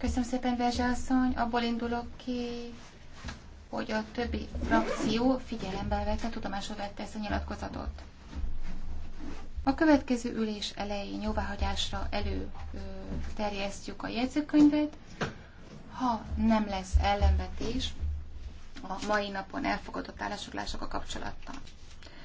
Köszönöm szépen, Verzsa asszony. Abból indulok ki, hogy a többi frakció figyelembe vette, tudomásul vette ezt a nyilatkozatot. A következő ülés elején jóváhagyásra terjesztjük a jegyzőkönyvet. Ha nem lesz ellenvetés a mai napon elfogadott a kapcsolattal.